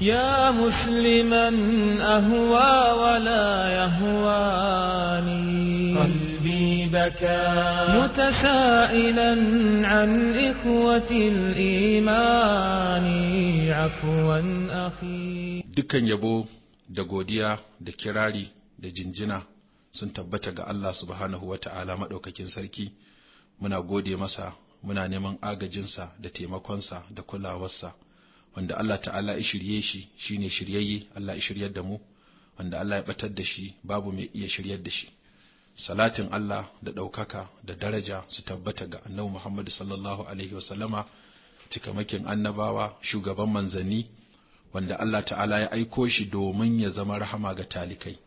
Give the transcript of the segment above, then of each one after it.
يا مسلما أهوى ولا يهواني قلبي بكى متسائلا عن إخوة الإيمان عفوا أخي دكان يبو da godiya da kirari da jinjina sun tabbata ga Allah subhanahu wa ta'ala maɗaukakin sarki, muna gode masa, muna neman agajinsa da taimakonsa da kulawarsa. wanda Allah ta'ala ya shirye shi shine shiryayye Allah ya shiryar da mu wanda Allah ya batar da shi babu mai iya shiryar da shi salatin Allah da ɗaukaka da daraja su tabbata ga annabi Muhammad sallallahu alaihi cikamakin annabawa shugaban manzanni wanda Allah ta'ala ya aiko shi domin ya zama rahama ga talikai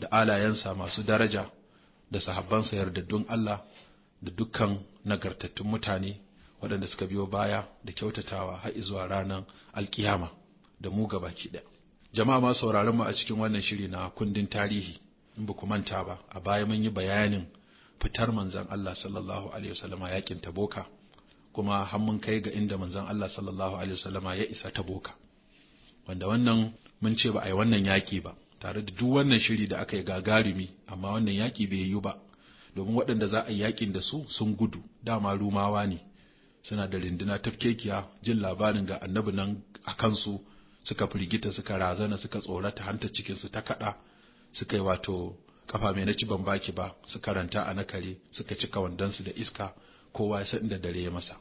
da alayensa masu daraja da sahabban sahabbansa yardaddun Allah da dukkan nagartattun mutane waɗanda suka biyo baya da kyautatawa har zuwa ranar alkiyama da mu ki ɗaya jama'a ma sauraron mu a cikin wannan shiri na kundin tarihi in ba ku manta ba a baya mun yi bayanin fitar manzan Allah sallallahu alaihi wasallama yakin taboka kuma har mun kai ga inda manzan Allah sallallahu alaihi wasallama ya isa taboka wanda wannan mun ce ba a yi wannan yaƙi ba tare da duk wannan shiri da aka yi gagarumi amma wannan yaƙi bai yi ba domin waɗanda za a yi yaƙin da su sun gudu dama rumawa ne suna da rinduna tafkekiya jin labarin ga annabi nan a kansu suka firgita suka razana suka tsorata hanta cikinsu ta kaɗa suka yi wato kafa mai na ci ban baki ba suka ranta a nakare suka cika wandonsu da iska kowa ya san da dare ya masa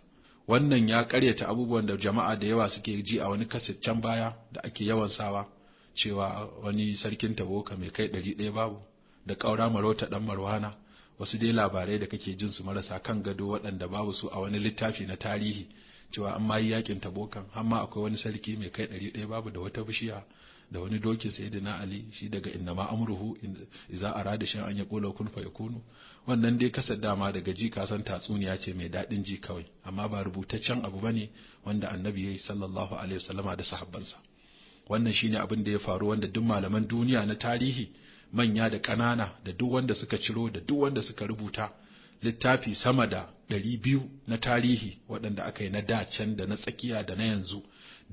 wannan ya karyata abubuwan da jama'a da yawa suke ji a wani kaset baya da ake yawan sawa cewa wani sarkin taboka mai kai ɗari ɗaya babu da ƙaura marota ɗan marwana wasu dai labarai da kake jin su marasa kan gado waɗanda babu su a wani littafi na tarihi cewa an ma yi yakin tabokan har akwai wani sarki mai kai ɗari ɗaya babu da wata bishiya da wani dokin sayyidina ali shi daga inna ma amruhu iza arada shan an kula kun yakunu wannan dai kasar dama daga ji ka tatsuniya ce mai daɗin ji kawai amma ba rubutaccen abu bane wanda annabi yayi sallallahu alaihi wasallama da sahabbansa wannan shine abin da ya faru wanda duk malaman duniya na tarihi manya da ƙanana da duk wanda suka ciro da duk wanda suka rubuta littafi sama da ɗari biyu na tarihi waɗanda aka yi na dacen da na tsakiya da na yanzu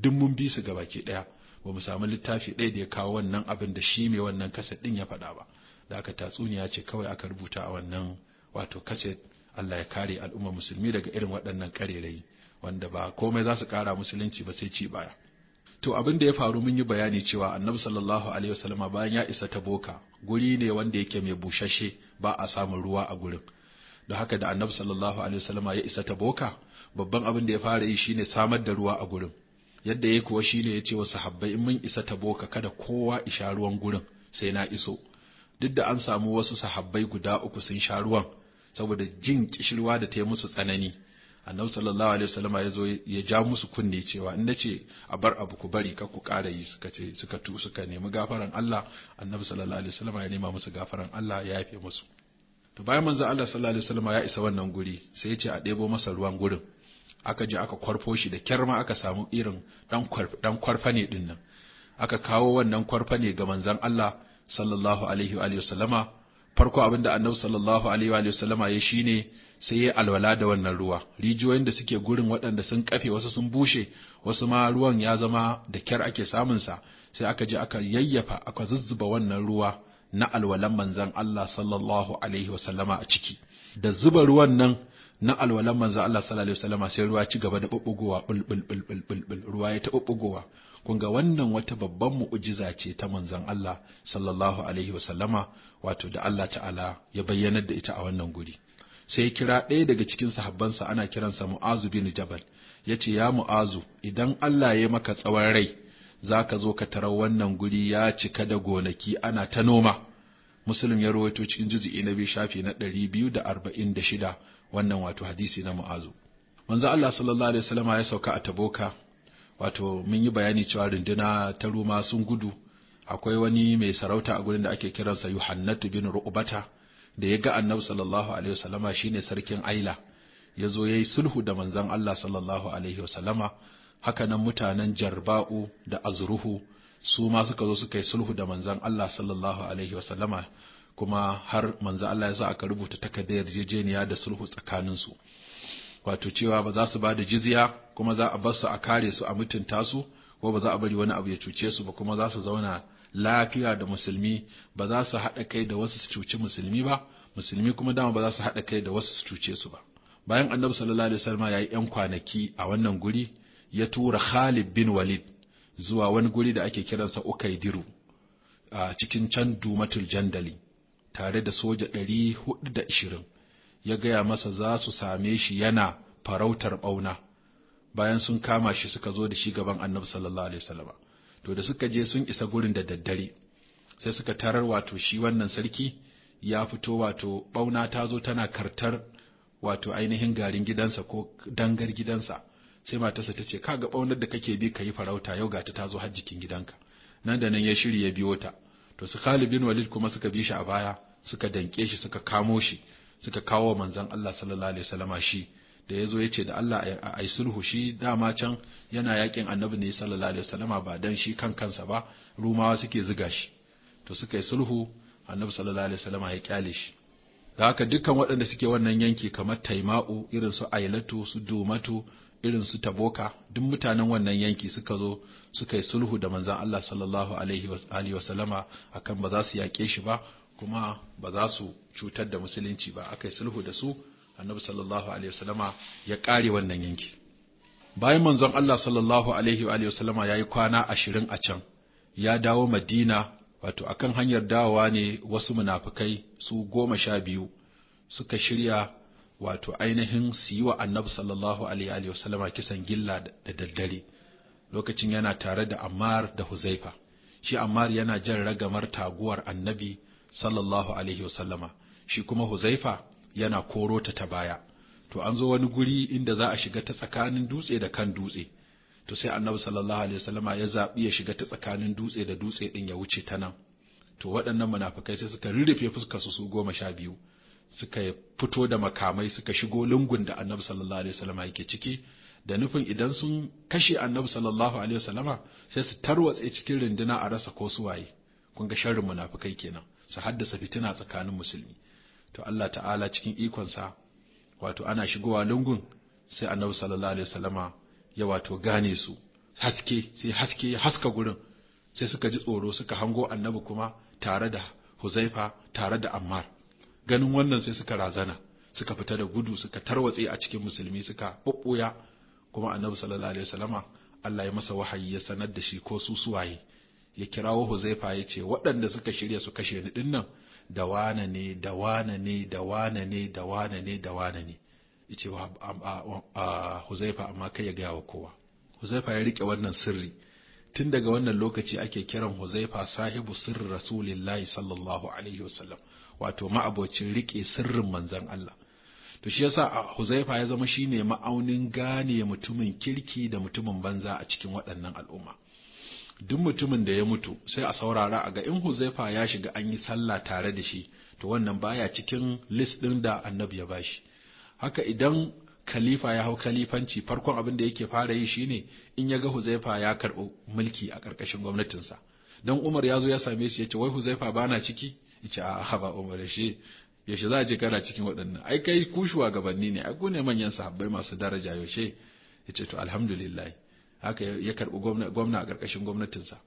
duk mun bi su gabaki ɗaya ba mu samu littafi ɗaya da ya kawo wannan abin da shi mai wannan kaset ɗin ya faɗa ba da aka tatsuniya ce kawai aka rubuta a wannan wato kaset Allah ya kare al'umma musulmi daga irin waɗannan ƙarerai wanda ba komai za su ƙara musulunci ba sai ci baya to abin da ya faru mun yi bayani cewa annabi sallallahu alaihi wasallam bayan ya isa ta boka guri ne wanda yake mai bushashe ba a samun ruwa a gurin da haka da annabi sallallahu alaihi wasallam ya isa ta boka babban abin da ya fara yi shine samar da ruwa a gurin yadda ya kuwa shine ya ce wa sahabbai in mun isa ta boka kada kowa isha ruwan gurin sai na iso duk da an samu wasu sahabbai guda uku sun sha ruwan saboda jin kishirwa da ta yi musu tsanani annabi sallallahu alaihi wasallam ya zo ya ja musu kunne cewa in ce a bar abu ku bari kar ku ƙara yi suka ce suka tu suka nemi gafaran Allah annabi sallallahu alaihi wasallam ya nema musu gafaran Allah ya yafe musu to bayan manzo Allah sallallahu alaihi wasallam ya isa wannan guri sai ya ce a ɗebo masa ruwan gurin aka je aka kwarfo shi da kyarma aka samu irin dan kwarfane din nan aka kawo wannan kwarfane ga manzon Allah sallallahu alaihi wa sallama farko abin da annabi sallallahu alaihi wa sallama ya shine sai ya alwala da wannan ruwa rijiyoyin da suke gurin waɗanda sun kafe wasu sun bushe wasu ma ruwan ya zama da kyar ake samun sa sai aka je aka yayyafa aka zuzzuba wannan ruwa na alwalan manzon Allah sallallahu alaihi wa sallama a ciki da zuba ruwan nan na alwalan manzo Allah sallallahu alaihi wasallam sai ruwa ci gaba da bubbugowa bul bul bul bul ruwa ya ta bubbugowa kun ga wannan wata babban mu'jiza ce ta manzon Allah sallallahu alaihi wasallama wato da Allah ta'ala ya bayyana da ita a wannan guri sai kira ɗaya daga cikin sahabbansa ana kiransa Mu'azu bin Jabal ya ce ya Mu'azu idan Allah ya maka tsawon rai za ka zo ka tarar wannan guri ya cika da gonaki ana ta noma muslim ya rawaito cikin juz'i na biyu shafi na 246 wannan wato hadisi na mu'azu manzo Allah sallallahu alaihi wasallam ya sauka a taboka wato mun yi bayani cewa runduna ta ruma sun gudu akwai wani mai sarauta a gurin da ake kiransa yuhannatu bin ru'bata da ya ga annabi sallallahu alaihi wasallam shine sarkin aila ya zo ya yi sulhu da manzon Allah sallallahu alaihi wasallam haka nan mutanen jarba'u da azruhu su ma suka zo suka yi sulhu da manzan Allah sallallahu alaihi wasallama kuma har manzan Allah ya sa aka rubuta takardar yarjejeniya da sulhu tsakaninsu wato cewa ba za su ba da jizya kuma za a bar a kare su a mutunta su ko ba za a bari wani abu ya cuce su ba kuma za su zauna lafiya da musulmi ba za su haɗa kai da wasu su cuci musulmi ba musulmi kuma dama ba za su haɗa kai da wasu su cuce su ba bayan annabi sallallahu alaihi wasallam ya yi yan kwanaki a wannan guri ya tura Khalid bin Walid zuwa wani guri da ake kiransa Ukaidiru a cikin can Dumatul Jandali tare da soja ɗari hudu da ashirin ya gaya masa za su same shi yana farautar ɓauna bayan sun kama shi suka zo da shi gaban annabi sallallahu alaihi wasallam to da suka je sun isa gurin da daddare sai suka tarar wato shi wannan sarki ya fito wato ɓauna ta zo tana kartar wato ainihin garin gidansa ko dangar gidansa sai matarsa ta ce kaga ɓaunar da kake bi ka yi farauta yau ga ta zo har gidanka nan da nan ya shirya ya biyo ta to su Khalid bin Walid kuma suka bi shi a baya suka danke shi suka kamo shi suka kawo manzon Allah sallallahu alaihi wasallama shi da yazo yace da Allah A sulhu shi dama can yana yakin annabi ne sallallahu alaihi wasallama ba dan shi kan kansa ba rumawa suke zuga shi to suka yi sulhu annabi sallallahu alaihi wasallama ya kyale shi da haka dukkan waɗanda suke wannan yanki kamar taima'u irin su ailatu su dumatu irin su taboka duk mutanen wannan yanki suka zo suka yi sulhu da manzan Allah sallallahu alaihi wa sallama akan ba za su yaƙe shi ba kuma ba za su cutar da musulunci ba aka yi sulhu da su annabi sallallahu alaihi sallama ya ƙare wannan yanki bayan manzon Allah sallallahu alaihi wa sallama ya yi kwana ashirin a can ya dawo madina wato akan hanyar dawowa ne wasu munafukai su goma sha biyu suka shirya wato ainihin su yi wa annabi sallallahu alaihi wasallama kisan gilla da daddare lokacin yana tare da ammar da huzaifa shi ammar yana jan ragamar taguwar annabi sallallahu alaihi wasallama shi kuma huzaifa yana koro ta baya to an zo wani guri inda za a shiga ta tsakanin dutse da kan dutse to sai annabi sallallahu alaihi wasallama ya zaɓi ya shiga ta tsakanin dutse da dutse din ya wuce ta nan to waɗannan munafukai sai suka rurrufe fuskar su goma sha biyu suka fito da makamai suka shigo lungun da annabi sallallahu alaihi wasallama yake ciki da nufin idan sun kashe annabi sallallahu alaihi wasallama sai su tarwatse cikin runduna a rasa ko waye kun ga sharrin munafukai kenan su haddasa fitina tsakanin musulmi to Allah ta'ala cikin ikonsa wato ana shigowa lungun sai annabi sallallahu alaihi wasallama ya wato gane su haske sai haske ya haska gurin sai suka ji tsoro suka hango annabi kuma tare da huzaifa tare da ammar ganin wannan sai suka razana suka fita da gudu suka tarwatse a cikin musulmi suka ɓuɓɓuya kuma annabi sallallahu alaihi wasallama Allah ya masa wahayi ya sanar da shi ko su suwaye ya kirawo huzaifa ya ce waɗanda suka shirya su kashe ni dinnan da wane ne da ne da ne da ne da ne ce wa huzaifa amma kai ya gaya wa kowa huzaifa ya rike wannan sirri tun daga wannan lokaci ake kiran huzaifa sahibu sirri rasulillahi sallallahu alaihi wasallam wato ma'abocin rike sirrin manzon Allah to shi yasa huzaifa ya zama shine ma'aunin gane mutumin kirki da mutumin banza a cikin waɗannan al'umma duk mutumin da ya mutu sai a saurara a ga in huzaifa ya shiga an yi sallah tare da shi to wannan baya cikin list ɗin da annabi ya bashi haka idan khalifa ya hau khalifanci farkon abin da yake fara yi shine in ya ga huzaifa ya karɓi mulki a ƙarƙashin gwamnatinsa dan umar ya zo ya same shi ya ce wai huzaifa ba na ciki ya ce ba umar shi yaushe za a je kana cikin waɗannan ai kai ku shugabanni ne ai ku ne manyan sahabbai masu daraja yaushe ya ce to alhamdulillah haka ya karɓi gwamna a ƙarƙashin gwamnatinsa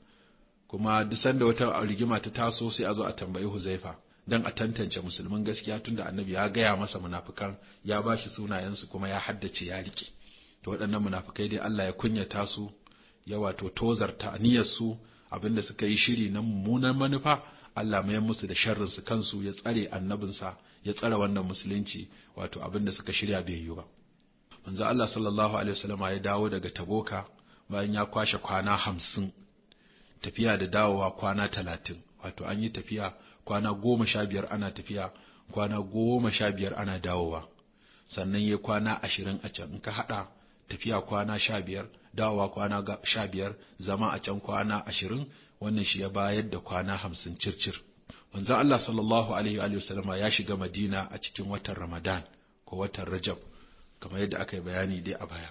kuma duk sanda wata rigima ta taso sai a zo a tambayi huzaifa don a tantance musulmin gaskiya tunda annabi ya gaya masa munafukan ya ba shi sunayensu kuma ya haddace ya rike to waɗannan munafukai dai Allah ya kunyata su ya wato tozarta aniyarsu abinda suka yi shiri na mummunan manufa Allah mayan musu da sharrinsu kansu ya tsare annabinsa ya tsare wannan musulunci wato abinda suka shirya bai yiwu ba manzo Allah sallallahu alaihi wasallama ya dawo daga Taboka bayan ya kwashe kwana hamsin tafiya da dawowa kwana talatin wato an yi tafiya kwana goma sha biyar ana tafiya kwana goma sha biyar ana dawowa sannan ya kwana ashirin a can in ka haɗa tafiya kwana sha biyar dawowa kwana sha biyar zama a can kwana ashirin wannan shi ya bayar da kwana hamsin circir manzon Allah sallallahu alaihi wa sallama ya shiga Madina a cikin watan Ramadan ko watan Rajab kamar yadda aka yi bayani dai a baya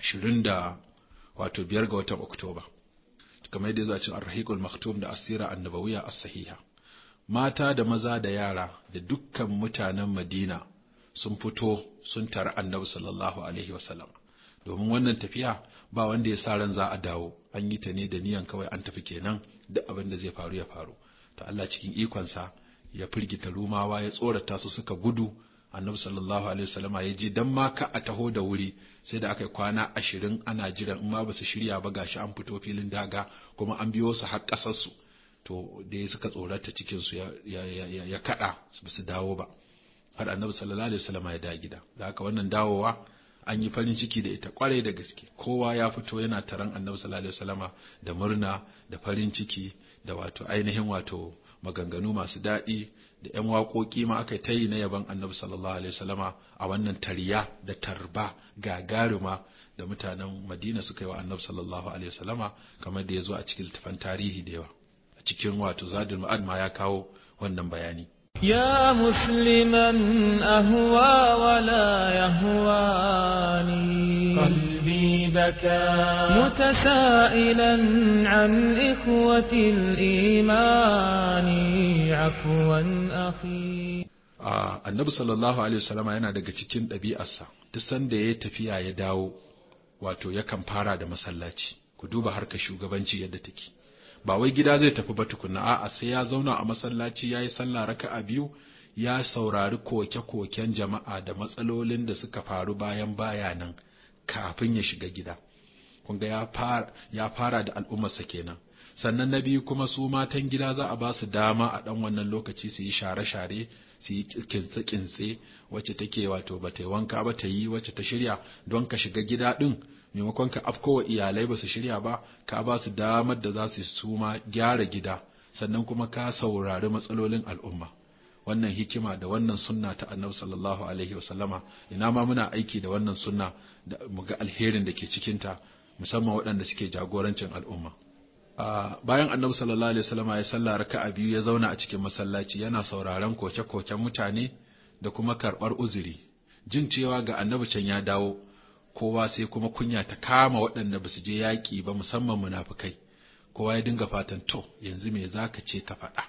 shirin da wato biyar ga watan Oktoba kamar yadda ya zo a cikin Ar-Rahiqul Maktum da Asira An-Nabawiyya As-Sahiha mata da maza da yara da dukkan mutanen Madina sun fito sun tari annabi sallallahu alaihi wasallam domin wannan tafiya ba wanda ya sa ran za a dawo an yi ta ne da niyan kawai an tafi kenan duk abin da zai faru ya faru to Allah cikin ikonsa ya firgita rumawa ya tsorata su suka gudu annabi sallallahu alaihi wasallam ya ji dan ma ka a taho da wuri sai da aka yi kwana ashirin ana jiran in ma ba su shirya ba gashi an fito filin daga kuma an biyo su har kasar su to da suka tsorata cikinsu ya kada ba su dawo ba har annabi sallallahu alaihi wasallam ya da gida da haka wannan dawowa an yi farin ciki da ita kwarai da gaske kowa ya fito yana taron annabi sallallahu alaihi wasallam da murna da farin ciki da wato ainihin wato maganganu masu daɗi da ‘yan waƙoƙi ma aka ta na yaban annabi sallallahu alaihi wasallama a wannan tarya da tarba gagaruma da mutanen madina suka yi wa annabi sallallahu alaihi wasallama kamar da ya zo a cikin littafan tarihi da yawa cikin wato zadul ma'ad ma ya kawo wannan bayani ya مسلما أهوى ولا يهواني قلبي بكى متسائلا عن إخوة الإيمان عفوا أخي annabi sallallahu alaihi wasallama yana daga cikin ɗabi'arsa duk sanda ya tafiya ya dawo wato yakan fara da masallaci ku duba harkar shugabanci yadda take ba wai gida zai tafi ba tukuna. a'a sai ya zauna a masallaci ya yi sallah a biyu ya saurari koke-koken jama'a da matsalolin da suka faru bayan baya nan kafin ya shiga gida kunga ya fara ya fara da al'ummarsa kenan sannan na biyu kuma su matan gida za a ba su dama a ɗan wannan lokaci su yi share-share su yi kintse-kintse wacce take wato ba ta yi wanka ba ta yi wacce ta shirya don ka shiga gida ɗin maimakon ka afkowa iyalai ba su shirya ba ka ba su damar da za su suma gyara gida sannan kuma ka saurari matsalolin al'umma wannan hikima da wannan sunna ta annabi sallallahu alaihi wasallama ina ma muna aiki da wannan sunna da mu ga alherin da ke cikin ta musamman waɗanda suke jagorancin al'umma bayan annabi sallallahu alaihi wasallama ya sallar raka'a biyu ya zauna a cikin masallaci yana sauraron koke-koken mutane da kuma karɓar uzuri jin cewa ga annabi can ya dawo kowa sai kuma kunya ta kama waɗanda ba su je yaƙi ba musamman munafukai kowa ya dinga fatan to yanzu me za ka ce ka faɗa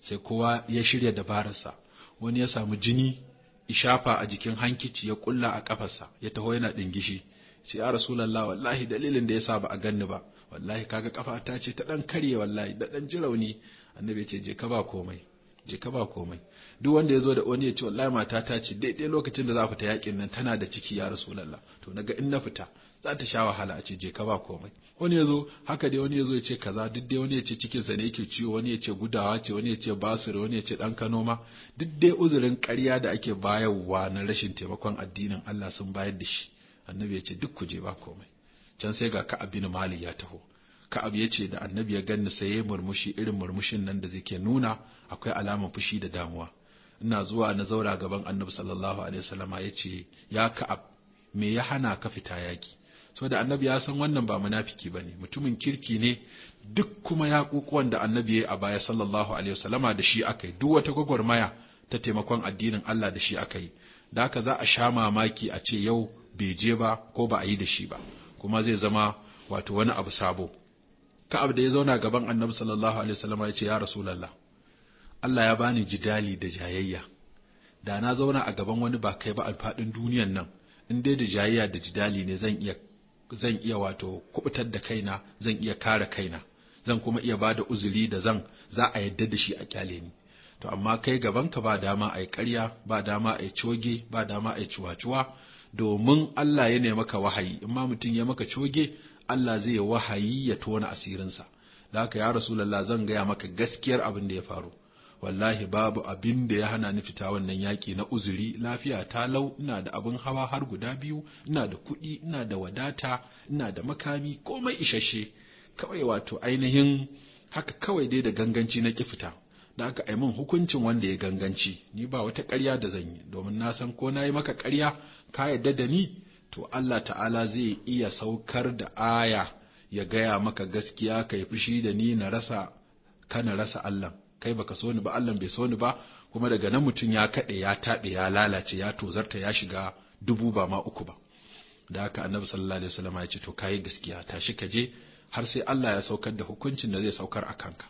sai kowa ya shirya dabararsa wani ya samu jini ishafa a jikin hankici ya kulla a ƙafarsa, ya taho yana ɗingishi ce ya rasulallah wallahi dalilin da ya sa ba a ganni ba wallahi kaga ƙafa ta ce ta ɗan karye wallahi da ɗan ji rauni annabi ce je ka ba komai je ka ba komai duk wanda ya zo da wani ya ce wallahi mata ta ce daidai lokacin da za fita yakin nan tana da ciki ya rasulullah to naga in na fita za ta sha wahala a ce je ka ba komai wani ya zo haka dai wani ya zo ya ce kaza duk dai wani ya ce cikin sa ne yake ciwo wani ya ce gudawa ce wani ya ce basir wani ya ce dan kano ma duk dai uzurin ƙarya da ake bayarwa na rashin taimakon addinin Allah sun bayar da shi annabi ya ce duk ku je ba komai can sai ga ka abin mali ya taho Ka'ab ya ce da annabi ya ganni sai ya murmushi irin murmushin nan da zai ke nuna akwai alamar fushi da damuwa. Ina zuwa na zaura gaban annabi sallallahu alaihi wasallama ya ce ya Ka'ab me ya hana ka fita yaki So da annabi ya san wannan ba munafiki bane mutumin kirki ne duk kuma ya yaƙuƙuwan da annabi ya yi a baya sallallahu alaihi wasallama da shi aka yi duk wata gwagwarmaya ta taimakon addinin Allah da shi aka yi. Da haka za a sha mamaki a ce yau bai je ba ko ba a yi da shi ba kuma zai zama wato wani abu sabo Ka'ab da ya zauna gaban Annabi sallallahu alaihi wasallam ya ce ya Rasulullah Allah ya bani jidali da jayayya da na zauna a gaban wani ba kai ba alfadin duniyan nan in dai da jayayya da jidali ne zan iya zan iya wato kubutar da kaina zan iya kare kaina zan kuma iya bada uzuri da zan za a yadda da shi a kyale ni to amma kai gaban ka ba dama ai yi ƙarya ba dama ai coge ba dama ai ciwa cuwa domin Allah ya ne maka wahayi in ma mutum ya maka coge Allah zai wahayi ya tona asirinsa da haka ya Rasulallah zan gaya maka gaskiyar abin da ya faru wallahi babu abin da ya hana ni fita wannan yaƙi na uzuri lafiya ta lau ina da abin hawa har guda biyu ina da kuɗi ina da wadata ina da makami komai isasshe kawai wato ainihin haka kawai dai da ganganci na ki fita da aka ai min hukuncin wanda ya ganganci ni ba wata ƙarya da zan yi domin na san ko na yi maka ƙarya ka yarda da ni to Allah ta'ala zai iya saukar da aya ya gaya maka gaskiya ka yi fushi da ni na rasa kana rasa Allah kai baka so ni ba Allah bai so ni ba kuma daga nan mutum ya kaɗe ya taɓe ya lalace ya tozarta ya shiga dubu ba ma uku ba da haka annabi sallallahu alaihi wasallam ya ce to kai gaskiya tashi ka je har sai Allah ya saukar da hukuncin da zai saukar a kanka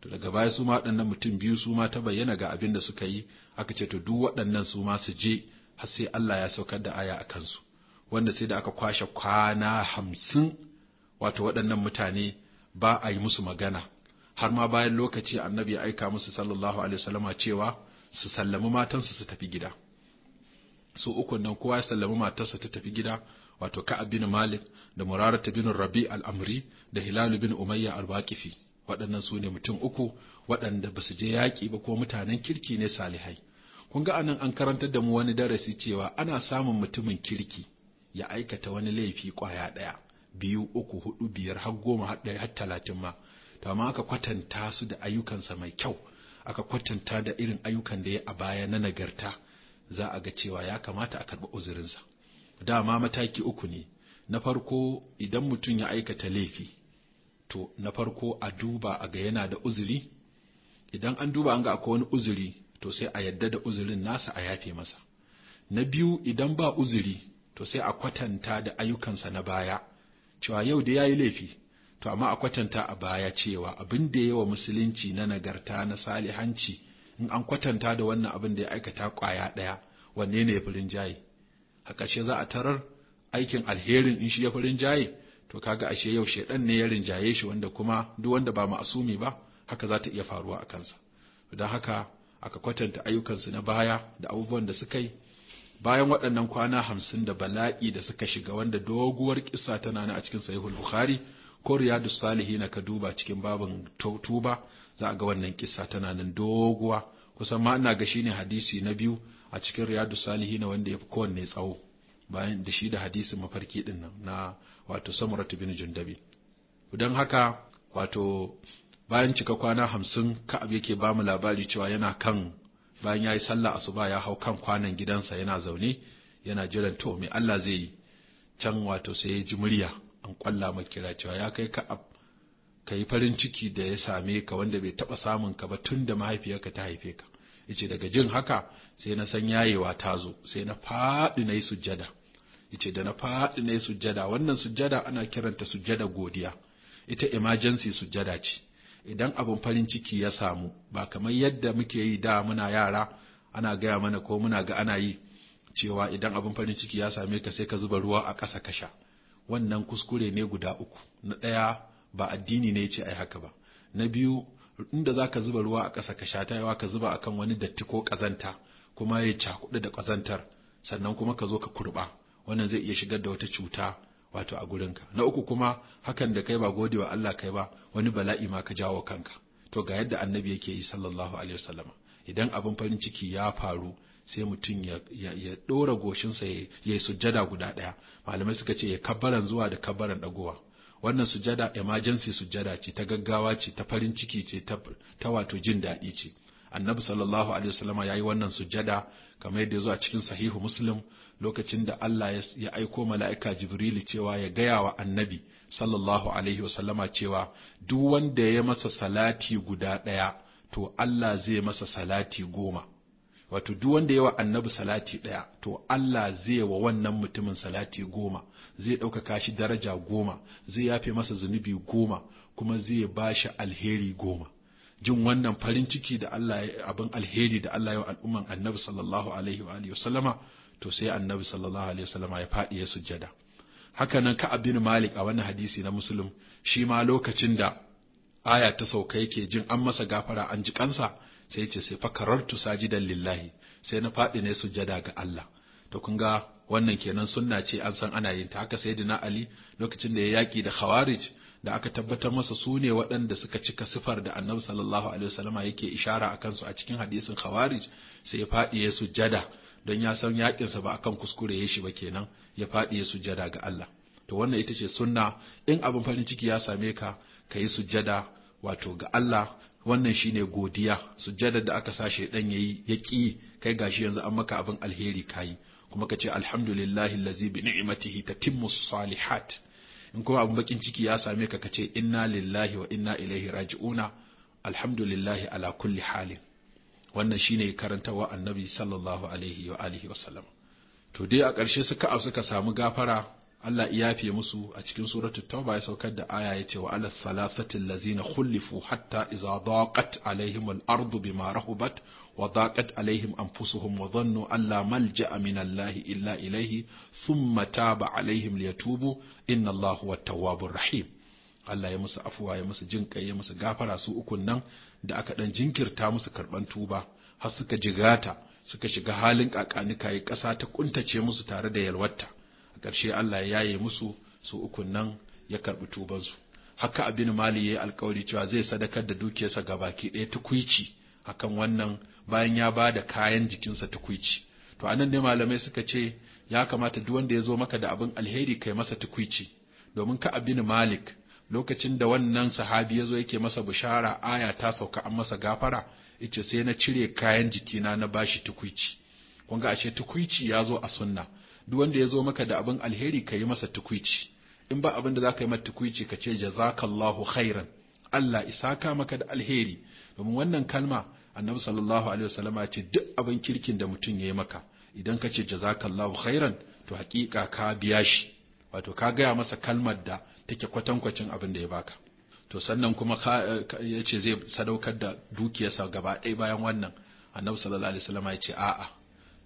to daga baya su ma waɗannan mutum biyu su ma ta bayyana ga abin da suka yi aka ce to duk waɗannan su ma su je har sai Allah ya saukar da aya a kansu wanda sai da aka kwashe kwana hamsin wato waɗannan mutane ba a yi musu magana har ma bayan lokaci annabi ya aika musu sallallahu alaihi wasallama cewa su sallami matansu su tafi gida su uku nan kowa ya sallami matarsa ta tafi gida wato Ka'ab bin Malik da Murarata bin Rabi al-Amri da Hilal bin Umayya al-Waqifi waɗannan su ne mutum uku waɗanda ba su je yaƙi ba ko mutanen kirki ne salihai kun ga anan an karantar da mu wani darasi cewa ana samun mutumin kirki ya aikata wani laifi kwaya ɗaya biyu uku hudu biyar har goma har ɗaya har talatin ma to amma aka kwatanta su da ayyukansa mai kyau aka kwatanta da irin ayyukan da ya a baya na nagarta za a ga cewa ya kamata a karɓi uzurinsa dama mataki uku ne na farko idan mutum ya aikata laifi to na farko a duba a ga yana da uzuri idan an duba an ga akwai wani uzuri to sai a yadda da uzurin nasa a yafe masa na biyu idan ba uzuri to sai a kwatanta da ayyukansa na baya cewa yau da ya yi laifi to amma a kwatanta a baya cewa abin da yawa musulunci na nagarta na salihanci in an kwatanta da wannan abin da ya aikata kwaya ɗaya wanne ne ya fi rinjaye a ƙarshe za a tarar aikin alherin in shi ya fi rinjaye to kaga ashe yau shaidan ne ya rinjaye shi wanda kuma duk wanda ba ma'asumi ba haka za ta iya faruwa a kansa don haka aka kwatanta ayyukansu na baya da abubuwan da suka yi bayan waɗannan kwana hamsin da bala'i da suka shiga wanda doguwar kisa tana na a cikin sahihul bukhari ko riyadus na ka duba cikin babin tuba za a ga wannan kisa tana nan doguwa kusan ma ina ga shine hadisi na biyu a cikin riyadus na wanda ya fi kowanne tsawo bayan da shi da hadisin mafarki din nan na wato samuratu bin jundabi don haka wato bayan cika kwana hamsin ka'ab yake bamu labari cewa yana kan bayan ya yi sallah asuba ya hau kan kwanan gidansa yana zaune yana jiran to me Allah zai yi can wato sai ya ji murya an kwalla ma kira cewa ya kai ka ka yi farin ciki da ya same ka wanda bai taba samun ka ba tun da mahaifiyarka ta haife ka yace daga jin haka sai na san yayewa ta zo sai na faɗi na yi sujjada yace da na faɗi na yi sujjada wannan sujjada ana kiranta sujjada godiya ita emergency sujjada ce idan abin farin ciki ya samu ba kamar yadda muke yi da muna yara ana gaya mana ko muna ga ana yi cewa idan abin farin ciki ya same ka sai ka zuba ruwa a ƙasa ka wannan kuskure ne guda uku na ɗaya ba addini ne ce ai haka ba na biyu inda za ka zuba ruwa a ƙasa ka sha yawa ka zuba akan wani datti ko ƙazanta kuma ya cakuɗu da ƙazantar sannan kuma ka zo ka kurɓa wannan zai iya shigar da wata cuta wato a gurinka na uku kuma hakan da kai ba gode wa Allah kai ba wani bala'i ma ka jawo kanka to ga yadda annabi yake yi sallallahu alaihi wasallama idan abin farin ciki ya faru sai mutum ya, ya, ya ɗora goshinsa ya yi sujjada guda ɗaya malamai suka ce ya kabbaran zuwa da kabbaran ɗagowa wannan sujjada emergency sujada ce ta gaggawa ce ta farin ciki ce ta, wato jin daɗi ce annabi sallallahu alaihi ya yayi wannan sujjada kamar yadda ya zo a cikin sahihu muslim lokacin da Allah ya aiko mala'ika jibril cewa ya gaya wa annabi sallallahu alaihi wasallama cewa duk wanda ya masa salati guda ɗaya to Allah zai masa salati goma wato duk wanda yawa annabi salati ɗaya to Allah zai wa wannan mutumin salati goma zai ɗaukaka shi daraja goma zai yafe masa zunubi goma kuma zai ba shi alheri goma jin wannan farin ciki da Allah abin alheri da Allah ya al'umman annabi sallallahu alaihi wa alihi wasallama to sai annabi sallallahu alaihi wasallama ya fadi ya sujjada haka nan ka bin malik a wannan hadisi na muslim shi ma lokacin da aya ta sauka yake jin an masa gafara an ji kansa sai ce sai fakarartu sajidan lillahi sai na fadi ne sujjada ga Allah to kun ga wannan kenan sunna ce an san ana yin ta haka sayyidina ali lokacin da ya yaki da khawarij da aka tabbatar masa su ne waɗanda suka cika sifar da annabi sallallahu alaihi wasallam yake ishara a kansu a cikin hadisin khawarij sai ya faɗi ya sujada don ya san sa ba akan kuskure ya shi ba kenan ya faɗi ya sujada ga Allah to wannan ita ce sunna in abin farin ciki ya same ka ka yi sujada, wato ga Allah wannan shine godiya sujada da aka sashe dan yayi ya ƙi kai gashi yanzu an maka abin alheri kayi kuma ka ce alhamdulillahi allazi bi ni'matihi tatimmu salihat in kuma abin bakin ciki ya same ka kace inna lillahi wa inna ilaihi raji'una alhamdulillahi ala kulli halin wannan shine karantawa annabi sallallahu alaihi wa alihi wa sallam to dai a ƙarshe suka suka samu gafara Allah ya yafe musu a cikin suratul tauba ya saukar da aya ya ce wa ala lazina hatta iza daqat alaihim al-ardu bima rahubat wa daqat alaihim anfusuhum wa dhannu an la malja'a min Allah illa ilayhi thumma taba alaihim liyatubu inna Allah huwa tawwabur rahim Allah ya musu afuwa ya musu jinkai ya musu gafara su ukun nan da aka dan jinkirta musu karban tuba har suka jigata suka shiga halin kakani kai ƙasa ta kuntace musu tare da yalwata Karshe Allah ya yaye musu su ukun nan ya karɓi tubansu haka abin mali ya yi alkawari cewa zai sadakar da dukiyarsa ga baki ɗaya tukuici akan wannan bayan ya ba da kayan jikinsa tukuici to anan ne malamai suka ce ya kamata duk wanda ya zo maka da abin alheri kai masa tukuici domin ka abin malik lokacin da wannan sahabi ya zo yake masa bushara, aya ta sauka an masa gafara ice sai na cire kayan jikina na bashi tukuici kun ga ashe tukuici ya zo a sunna duk wanda ya zo maka da abin alheri ka yi masa tukwici in ba abin da za ka yi masa tukwici ka ce jazakallahu khairan Allah ka maka da alheri domin wannan kalma annabi sallallahu alaihi wasallam ya ce duk abin kirkin da mutum ya yi maka idan ka ce jazakallahu khairan to hakika ka biya shi wato ka gaya masa kalmar da take kwatankwacin abin da ya baka to sannan kuma ya ce zai sadaukar da dukiyarsa gaba ɗaya bayan wannan annabi sallallahu alaihi wasallam ya ce a'a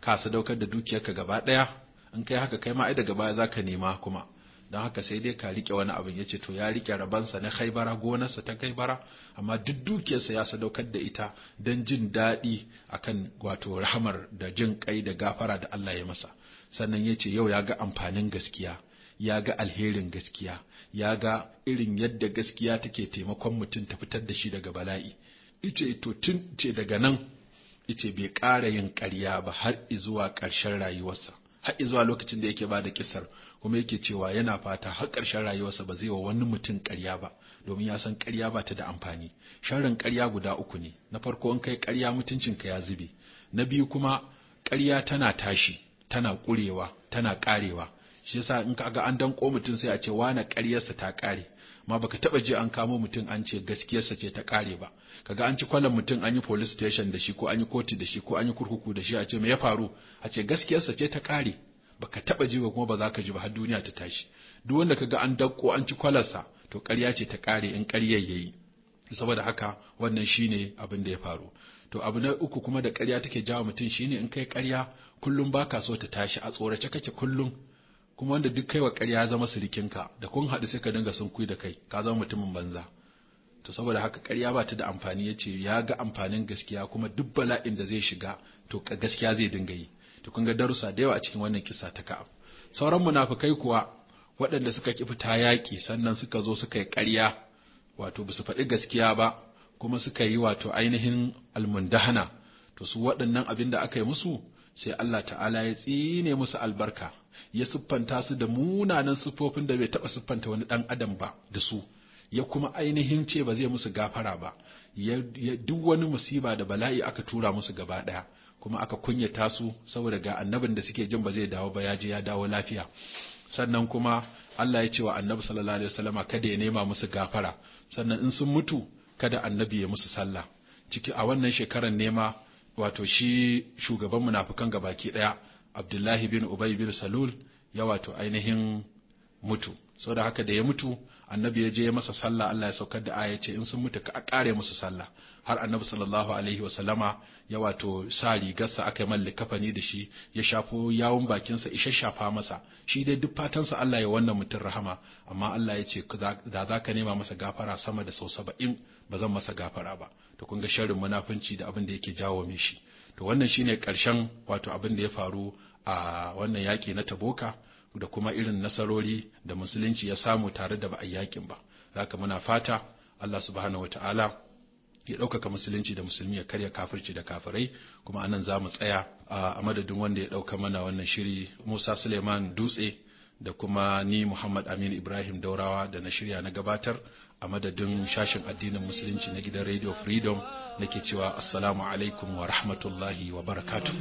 ka sadaukar da dukiyarka gaba ɗaya in kai haka kai ma ai daga baya zaka nema kuma don haka sai dai ka rike wani abin yace to ya rike rabansa na khaibara gonarsa ta khaibara amma duk dukiyarsa ya sadaukar da ita don jin daɗi akan wato rahamar da jin kai da gafara da Allah ya masa sannan yace yau ya ga amfanin gaskiya ya ga alherin gaskiya ya ga irin yadda gaskiya take taimakon mutum ta fitar da shi daga bala'i ice to tun ce daga nan ice bai ƙara yin ƙarya ba har izuwa ƙarshen rayuwarsa har zuwa lokacin da yake bada kisar kuma yake cewa yana fata har ƙarshen rayuwarsa ba zai wa wani mutum ƙarya ba domin ya san ƙarya ba ta da amfani sharrin ƙarya guda uku ne na farko in kai ƙarya mutuncinka ya zube na biyu kuma ƙarya tana tashi tana ƙurewa tana ƙarewa shi yasa in ka ga an danko mutum sai a ce wane ƙaryarsa ta ƙare ma baka taba ji an kamo mutum an ce gaskiyarsa ce ta kare ba kaga an ci kwalan mutum an yi police station da shi ko an yi koti da shi ko an yi kurkuku da shi a ce me ya faru a ce gaskiyarsa ce ta kare baka taba ji ba kuma ba za ka ji ba har duniya ta tashi duk wanda kaga an dakko an ci kwalarsa to ƙarya ce ta kare in ƙaryar yayi saboda haka wannan shine abin da ya faru to abu na uku kuma da ƙarya take jawo mutum shine in kai ƙarya kullum baka so ta tashi a tsorace kake kullum kuma wanda duk kai wa ƙarya ya zama sirikinka da kun haɗu sai ka dinga sun kui da kai ka zama mutumin banza to saboda haka ƙarya ba ta da amfani ya ce ya ga amfanin gaskiya kuma duk bala'in da zai shiga to gaskiya zai dinga yi to kun ga darussa da yawa a cikin wannan kisa ta ka'ab sauran munafukai kuwa waɗanda suka ki fita yaƙi sannan suka zo suka yi ƙarya wato ba su faɗi gaskiya ba kuma suka yi wato ainihin almundahana to su waɗannan abin da aka yi musu sai Allah ta'ala ya tsine musu albarka ya siffanta su da munanan siffofin da bai taɓa siffanta wani ɗan adam ba da su ya kuma ainihin ce ba zai musu gafara ba ya duk wani musiba da bala'i aka tura musu gaba ɗaya kuma aka kunyata su saboda ga annabin da suke jin ba zai dawo ba ya je ya dawo lafiya sannan kuma Allah ya ce wa annabi sallallahu alaihi wasallama kada ya nema musu gafara sannan in sun mutu kada annabi ya musu sallah ciki a wannan shekaran nema wato shi shugaban munafukan ga baki ɗaya Abdullahi bin Ubay bin Salul ya wato ainihin mutu saboda haka da ya mutu annabi ya je masa sallah Allah ya saukar da aya ce in sun mutu ka kare musu sallah har annabi sallallahu alaihi wasallama ya wato sa rigarsa aka yi man kafani da shi ya shafo yawon bakinsa isa shafa masa shi dai duk fatansa Allah ya wannan mutum rahama amma Allah ya ce da za ka nema masa gafara sama da sau saba'in ba zan masa gafara ba to kun ga sharrin munafunci da abin da yake jawo mishi to wannan shine karshen wato abin da ya faru a wannan yaƙi na taboka da kuma irin nasarori da musulunci ya samu tare da ba a yaƙin ba Za ka muna fata Allah subhanahu ta'ala. ya ɗaukaka musulunci da musulmi ya karya kafirci da kafirai kuma anan za mu tsaya a madadin wanda ya ɗauka mana wannan shiri musa suleiman dutse da kuma ni muhammad amin ibrahim daurawa da na shirya na gabatar a madadin shashin addinin musulunci na gidan radio freedom na ke cewa assalamu alaikum wa rahmatullahi wa barakatu